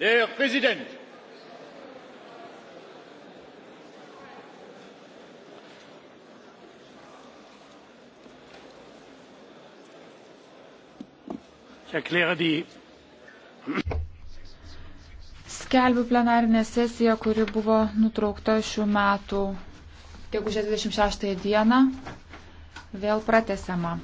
Der Präsident! Ich erkläre die Skelbiu plenarinę sesiją, kuri buvo nutraukta šių metų gegužės 26 dieną, vėl pratesiama.